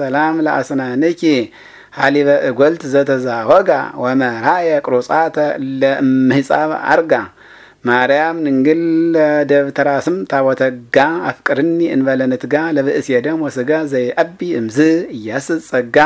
ሰላም ለአስናንኪ ሀሊበ እጐልት ዘተዛወጋ ወመርሃየ ቅሩጻተ ለእምሕፃብ አርጋ ማርያም ንንግል ለደብተራ ስም ታቦተጋ አፍቅርኒ እንበለንትጋ ለብእስ የደም ወስጋ ዘይ አቢ እምዝ እያስ ጸጋ